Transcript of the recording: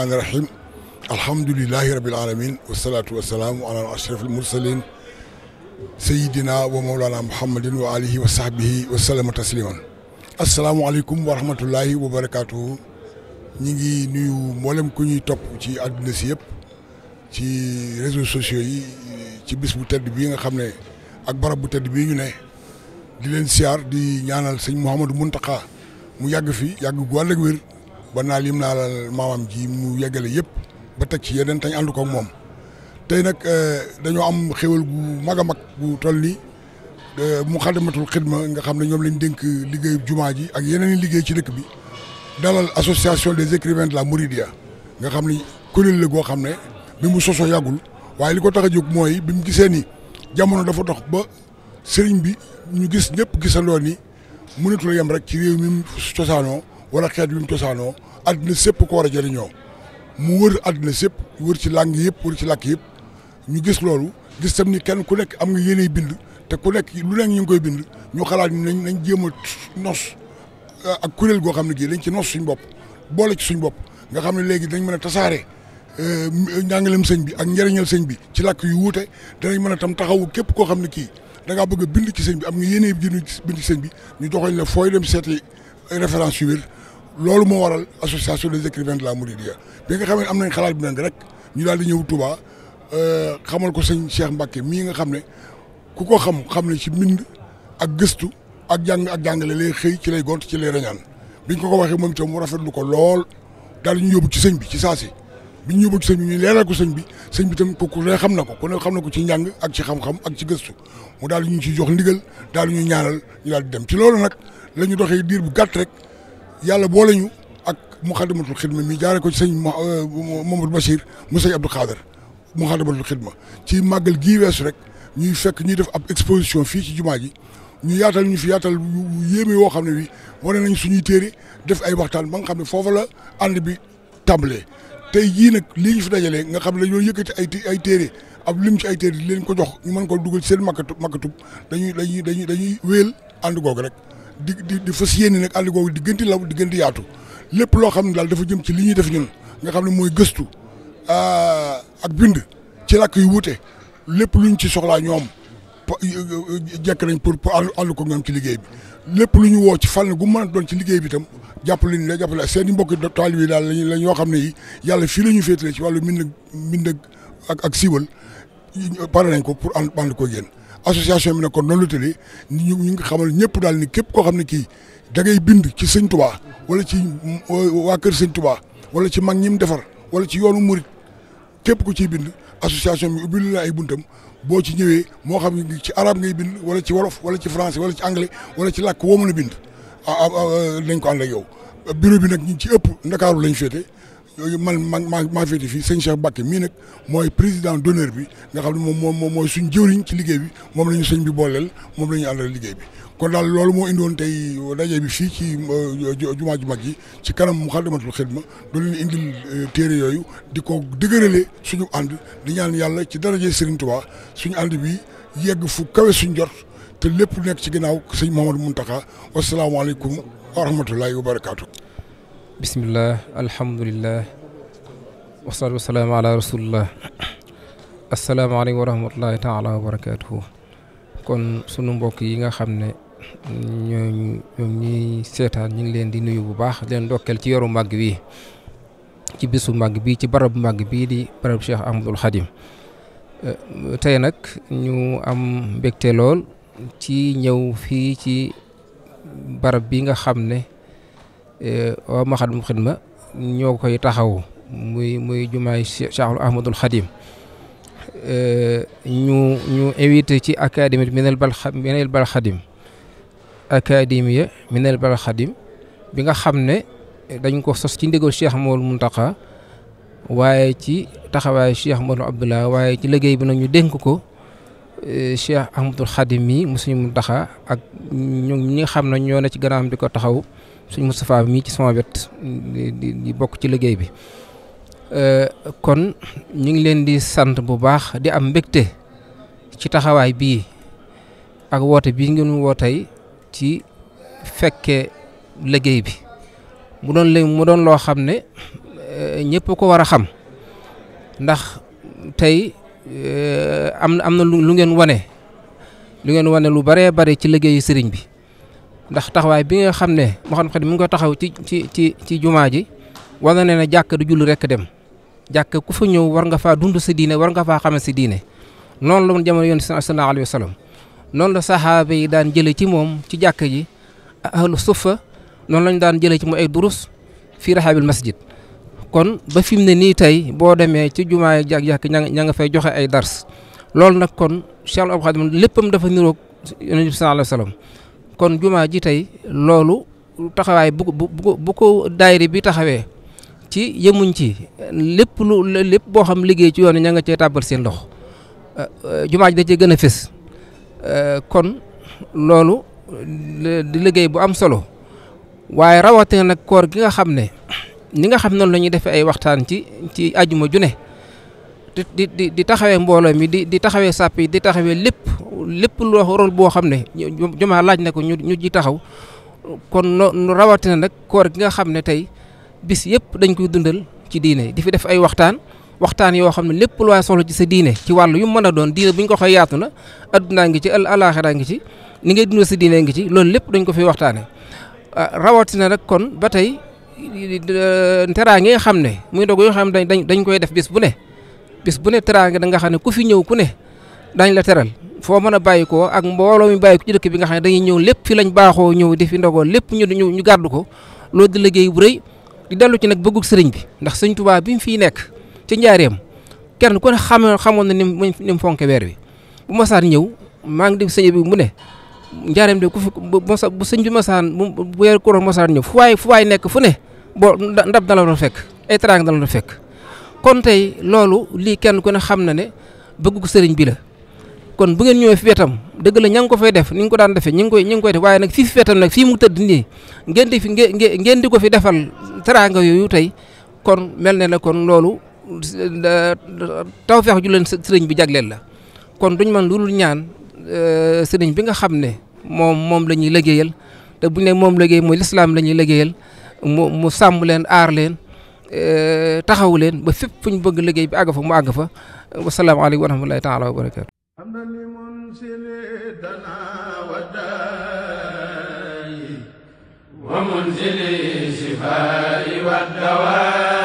rahmaani rahim alhamdulilahi rabil alamin wasalaatu wasalaamu ala ashraf almursalin sayidina wa maulana muhammadin wa alihi wa sahbihi wa sallama tasliman asalaamualeykum wa rahmatullahi wa barakatuhu ñi ngi nuyu mboolem ku ñuy top ci àdduna si yëpp ci réseaux sociaux yi ci bis bu tedd bii nga xam ne ak barab bu tedd bi ñu ne di leen siyaar di ñaanal sëñ Mouhamadou Mountakha mu yàgg fi yàgg gu wàll ak wér ba naa lim naa la maamam ji mu yeggale yëpp ba teg ci yeneen tañ ànd ko moom tey nag euh, dañoo am xéwal gu mag a mag gu toll nii euh, mu xadamatul xidma nga xam ne ñoom lañ dénk liggéey jumaa ji ak yeneen i liggéey ci dëkk bi dalal association des écrivains de la Mouridia nga xam ni kuréel la goo xam ne bi mu sosoo yàggul waaye li ko tax a jóg mooy bi mu gisee ni jamono dafa dox ba sëriñ bi ñu gis ñëpp gisandoo ni mënatul yam rek ci réew mi cosaanoo wala xeet bi mu cosaanoo adduna sëpp ko war a jëriñoo mu wër adduna sëpp wër ci làng yëpp wër ci làkk yëpp ñu gis loolu gis tam ni kenn ku nekk am nga yéeney bind te ku nekk lu nekk ñu ngi koy bind ñu xalaat ñu nañ nañ jéem a nos euh, ak kuréel goo xam ne gii dañ ci nos suñ bopp boole ci suñ bopp nga xam ne léegi dañ mën a tasaare euh, njàngaleem sëñ bi ak njëriñal sëñ bi ci lakk yu wuute danañ mën a tam taxawu képp koo xam ne kii da ngaa bëgg bind ci sëñ bi am nga yéeney bind ci sëñ bi ñu joxoñ la fooy dem seeti référence yu loolu moo waral association des écrivains de la Mouridiya bi nga xam ne am nañ xalaat bu nekk rek ñu daal di ñëw Touba euh, xamal ko sëñ Cheikh Mbacke mii nga xam ne ku ko xam xam ne ci mbind ak gëstu ak jàng ak jàngale lay xëy ci lay gont ci lay reñaan biñ ko ko waxee moom itam mu rafetlu ko lool daal ñu yóbbu ci sëñ bi ci saasi bi ñu yóbbu ci ñu leeral ko sëñ bi sëñ bi tam ku xam na ko ku xam na ko ci njàng ak ci xam-xam ci gëstu mu daal di ñu ci jox ndigal daal di ñaanal ñu daal di dem ci loolu nag la ñu doxee diir bu gàtt rek yàlla boole ñu ak Muxaddamatul Xidma mi jaar ko ci sëñ euh, Mamadou Bachir mu sëñ Abdou Khader Muxaddamatul Xidma ci màggal gii weesu rek ñi fekk ñuy def ab exposition fii ci jumaa ji ñu yaatal ñu fi yaatal yéeme woo xam ne bi wane nañ suñuy téere def ay waxtaan ba nga xam ne foofa la ànd bi tàmbalee tey jii nag lii ñu fi dajalee nga xam ne dañoo yëkkati ay ay téere ab lim ci ay téere di leen ko jox ñu mën ko dugal seen makkatu makkatub dañuy dañuy dañuy dañuy wéel ànd googu rek di di di fas yéene nag àll googu di gën yaatu lépp loo xam ne daal dafa jëm ci li ñuy def ñun nga xam ne mooy gëstu ah, ak bind ci làkk yi wuute lépp luñ ci soxlaa ñoom jekk nañ pour pour àll ko ñoom ci liggéey bi lépp lu ñu woo ci fànn gu mën a ci liggéey bi itam jàppale ñu la jàppale seen i mbokki taalibe yi daal la ñoo xam ne yi yàlla fii la ñu féetale ci walla mbind mbind ak ak siiwal pare nañ ko pour ànd ànd ko génn association bi nag kon noonu la tëddee ñu ñu ngi xamal ñëpp daal ni képp koo xam ne kii da ngay bind ci sëñ Touba wala ci mm, waa kër sëñ Touba wala ci mag ñi mu defar wala ci yoonu murit képp ku ciy bind association bi ubbil la ay buntam boo ci ñëwee moo xam ne ci arab bind wala ci wolof wala ci français wala ci anglais wala ci làkk woo mën a bind ah nañ ko ànd ak yow bureau bi nag ñu ci ëpp ndakaaru lañ féete. yooyu man man maa maa fii sëñ Cheikh Mbacke mii nag mooy président d'honneur bi nga xam ne moom moom moom mooy suñ jëwriñ ci liggéey bi moom la ñu sëñ bi booleel moom la ñu àndal liggéey bi kon daal loolu moo indiwoon tey daje bi fii ci euh, jumaa ji mag yi ci kanam Muxaddamatul Xidma doolu leen indil euh, téere yooyu di ko dëgërale suñu ànd di ñaan yàlla ci daraje Serigne Touba suñu ànd bi yegg fu kawe suñ jot te lépp nekk ci ginnaaw sëñ Mouhamadou Mountakha wasalaamaaleykum wa rahmatullahi wa barakaatu. bisimilah alhamdulilah wasalaatu wasalaamu ala rasulillah asalaamaaleykum wa rahmatullahi taala kon sunu mbokk yi nga xam ne ñoom ñuy seetaan ñu ngi leen di nuyu bu baax leen ndokkeel ci yoru màgg wi ci bisu màgg bii ci barabu màgg bii di barabu Cheikh Ahmadul Xadim eh, tey nag ñu am mbégte lool ci ñëw fii ci barab bi nga xam ne Eh, waa Moukhaddamatoul Khidma ñoo koy taxawu muy muy jumaay Cheikhul Ahmadul Khadim eh, ñu ñu invité ci académie minel bal minel bal Khadim bi nga xam ne dañ ko sos ci ndigal Cheikh mu Muntaqa waaye ci taxawaayu Cheikh Mawal Abdullah waaye ci liggéey bi nag ñu dénk ko eh, Cheikh Ahmadul Khadim mi mu suñu Muntaqa ak ñu ñi nga xam ne ñoo ne ci gannaawam di ko taxaw sëñ Moustapha mii ci sama wet di bokk ci liggéey bi euh, kon ñu ngi leen di sant bu baax di am mbégte ci taxawaay bii ak woote bii ngeen wootey ci fekkee liggéey bi mu doon léegi mu doon loo xam ne euh, ñëpp ko war a xam ndax tey euh, am na am na lu ngeen wane lu ngeen wane lu baree bare ci liggéeyu sëriñ bi ndax taxawaay bi nga xam ne moo xam xel mi ngi ko taxaw ci ci ci ci jumaa ji wala ne na jàkk du julli rek dem jàkk ku fa ñëw war nga faa dund sa diine war nga faa xamal sa diine noonu la woon jamono yonent sallallahu alayhi wa sallam noonu la saxaaba yi daan jëlee ci moom ci jàkk ji ahlu suffa noonu lañu daan jëlee ci moom ay durus fii raxaabil masjid kon ba fi mu ne nii tey boo demee ci jumaay jàkk jàkk ña nga fay joxe ay dars loolu nag kon Cheikh Abdou Khadim dafa niroog yonent bi sallallahu kon jumaa ji tey loolu taxawaay bu bu ko daayira bi taxawee ci yëmuñ ci lépp lu lépp boo xam liggéey ci yoon ña nga cee tàbbal seen loxo euh, euh, jumaa ji da cee gën a fés euh, kon loolu di liggéey bu am solo waaye rawatina nag koor gi nga xam ne ni nga xam noonu la ñuy defee ay waxtaan ci ci ajuma ju ne di di di taxawee mbooloo mi di di taxawee sàpp yi di taxawee lépp lépp lu rôle boo xam ne jumaa laaj na ko ñu ñu ji taxaw kon no rawatina nag koor gi nga xam ne tey bis yëpp dañ koy dundal ci diine di fi def ay waxtaan waxtaan yoo xam ne lépp lu waay soxla ci sa diine ci wàllu yu mën a doon diine bu ñu ko xëy yaatu na addunaa ngi ci al alaxira ngi ci ni ngay dundal sa diine ngi ci loolu lépp dañ ko fi waxtaane ah, rawatina nag kon ba tey euh, teraange nga xam ne muy doog yoo xam ne dañ dañ koy def bis bu ne bis bu ne teraange da nga xam ne ku fi ñëw ku ne dañ la teral foo mën a bàyyi ko ak mbooloo mi bàyyi ko ci dëkk bi nga xam ne dañuy ñëw lépp fi lañ baaxoo ñëw di fi ndogoo lépp ñu ñu gàddu ko loolu di liggéey bu rëy di dellu ci nag bëggu sëriñ bi ndax sëñ Tuubaa bi mu fi nekk ci njaareem kenn ku ne xamoon xamoon na ni mu ni weer bi bu ñëw maa ngi dégg sëñ bi mu ne njaareem de ku fi bu sëñ bi masaan bu weer ko masaan ñëw fu waay fu waay nekk fu ne boo ndab dana la fekk ay teraanga la fekk kon tey loolu lii kenn ku ne xam na ne bëggu sëriñ bi la kon bu ngeen ñëwee fi wetam dëgg la ña ngi ko fay def ni nga ko daan defee ñi ngi koy ñi ngi koy def waaye nag fii fi wetam nag fii mu tëdd nii ngeen di fi ngeen di ko fi defal teraanga yooyu tey kon mel ne la kon loolu tawfeex ju leen sëriñ bi jagleel la kon duñ man loolu ñaan euh, sëriñ bi nga xam ne moom moom la ñuy liggéeyal te buñ ne moom liggéey mooy lislaam la ñuy liggéeyal mu mu sàmm leen aar leen euh, taxawu leen ba fépp fu ñu bëgg liggéey bi àgg fa mu àgg fa wasalaamaaleykum wa rahmatulahi taala wa barakaatu ومنزل الشفاء والدواء